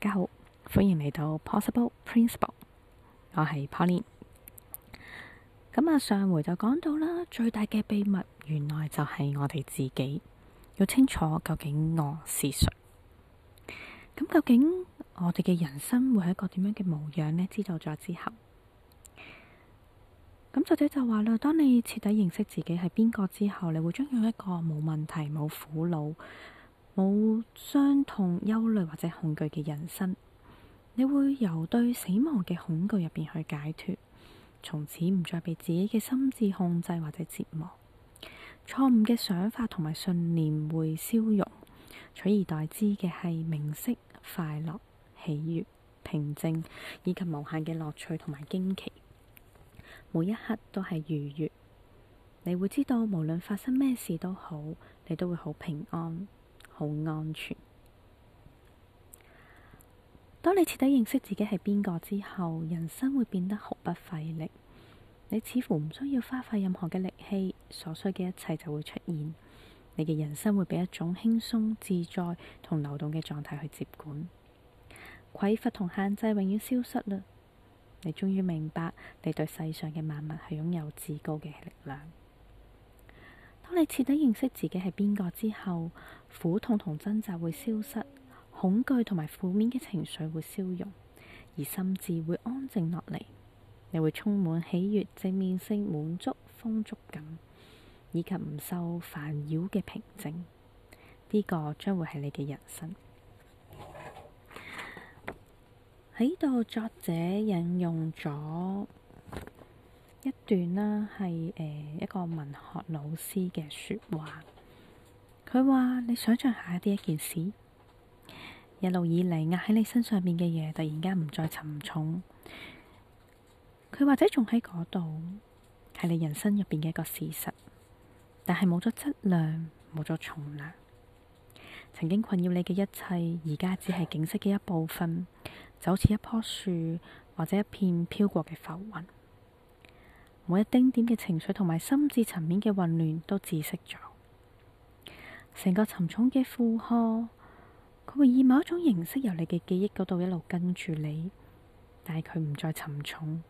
大家好，歡迎嚟到 Possible Principle，我係 Pauline。咁啊，上回就講到啦，最大嘅秘密原來就係我哋自己要清楚究竟我是誰。咁究竟我哋嘅人生會係一個點樣嘅模樣呢？知道咗之後，咁作者就話啦，當你徹底認識自己係邊個之後，你會擁有一個冇問題、冇苦惱。冇傷痛、憂慮或者恐懼嘅人生，你會由對死亡嘅恐懼入邊去解脫，從此唔再被自己嘅心智控制或者折磨。錯誤嘅想法同埋信念會消融，取而代之嘅係明晰、快樂、喜悅、平靜以及無限嘅樂趣同埋驚奇。每一刻都係愉悅，你會知道，無論發生咩事都好，你都會好平安。好安全。當你徹底認識自己係邊個之後，人生會變得毫不費力。你似乎唔需要花費任何嘅力氣，所需嘅一切就會出現。你嘅人生會俾一種輕鬆自在同流動嘅狀態去接管。匱乏同限制永遠消失啦。你終於明白，你對世上嘅萬物係擁有至高嘅力量。當你徹底認識自己係邊個之後，苦痛同掙扎會消失，恐懼同埋負面嘅情緒會消融，而心智會安靜落嚟，你會充滿喜悅、正面性、滿足、豐足感，以及唔受煩擾嘅平靜。呢、這個將會係你嘅人生。喺度，作者引用咗一段啦，係、呃、誒。個文學老師嘅說話，佢話：你想象下一啲一件事，一路以嚟壓喺你身上面嘅嘢，突然間唔再沉重。佢或者仲喺嗰度，係你人生入邊嘅一個事實，但係冇咗質量，冇咗重量。曾經困擾你嘅一切，而家只係景色嘅一部分，就好似一棵樹或者一片飄過嘅浮雲。每一丁點嘅情緒同埋心智層面嘅混亂都窒息咗，成個沉重嘅負荷，佢會以某種形式由你嘅記憶嗰度一路跟住你，但係佢唔再沉重。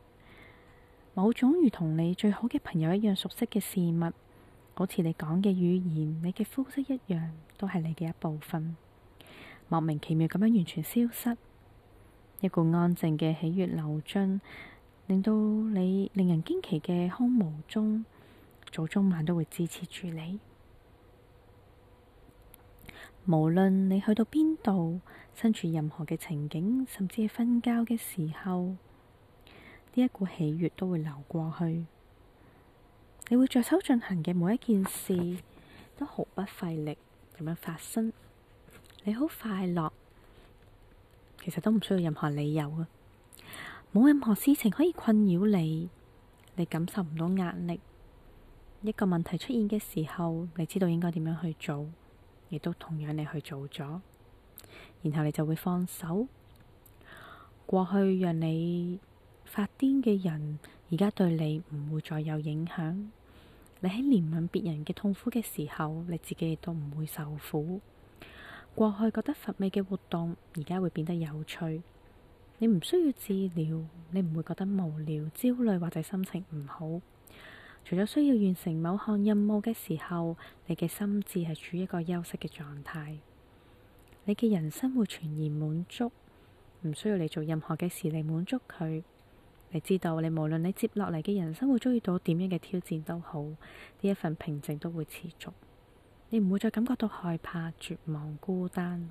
某種如同你最好嘅朋友一樣熟悉嘅事物，好似你講嘅語言、你嘅膚色一樣，都係你嘅一部分，莫名其妙咁樣完全消失。一股安靜嘅喜悦流進。令到你令人驚奇嘅空無中，早中晚都會支持住你。無論你去到邊度，身處任何嘅情景，甚至係瞓覺嘅時候，呢一股喜悅都會流過去。你會着手進行嘅每一件事，都毫不費力咁樣發生。你好快樂，其實都唔需要任何理由啊！冇任何事情可以困擾你，你感受唔到壓力。一個問題出現嘅時候，你知道應該點樣去做，亦都同樣你去做咗，然後你就會放手。過去讓你發癲嘅人，而家對你唔會再有影響。你喺憐憫別人嘅痛苦嘅時候，你自己亦都唔會受苦。過去覺得乏味嘅活動，而家會變得有趣。你唔需要治療，你唔會覺得無聊、焦慮或者心情唔好。除咗需要完成某項任務嘅時候，你嘅心智係處於一個休息嘅狀態。你嘅人生會全然滿足，唔需要你做任何嘅事嚟滿足佢。你知道，你無論你接落嚟嘅人生會遭遇到點樣嘅挑戰都好，呢一份平靜都會持續。你唔會再感覺到害怕、絕望、孤單。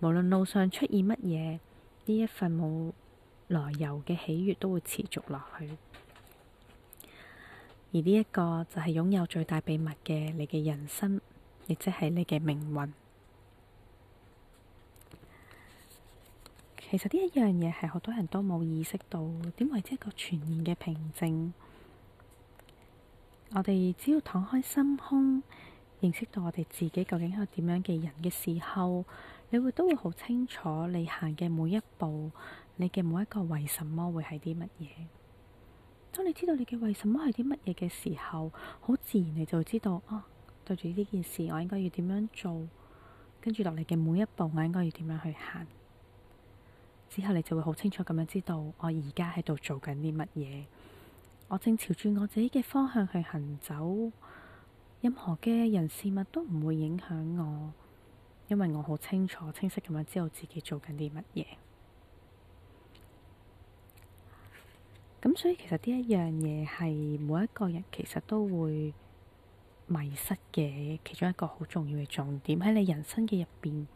無論路上出現乜嘢。呢一份冇來由嘅喜悅都會持續落去，而呢一個就係擁有最大秘密嘅你嘅人生，亦即係你嘅命運。其實呢一樣嘢係好多人都冇意識到，點為止一個全面嘅平靜。我哋只要敞開心胸，認識到我哋自己究竟係點樣嘅人嘅時候。你會都會好清楚你行嘅每一步，你嘅每一個為什麼會係啲乜嘢。當你知道你嘅為什麼係啲乜嘢嘅時候，好自然你就會知道，哦，對住呢件事，我應該要點樣做，跟住落嚟嘅每一步，我應該要點樣去行。之後你就會好清楚咁樣知道，我而家喺度做緊啲乜嘢，我正朝住我自己嘅方向去行走，任何嘅人事物都唔會影響我。因為我好清楚、清晰咁樣知道自己做緊啲乜嘢，咁所以其實呢一樣嘢係每一個人其實都會迷失嘅其中一個好重要嘅重點喺你人生嘅入邊。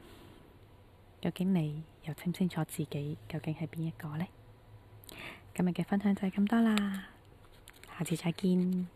究竟你又清唔清楚自己究竟係邊一個呢？今日嘅分享就係咁多啦，下次再見。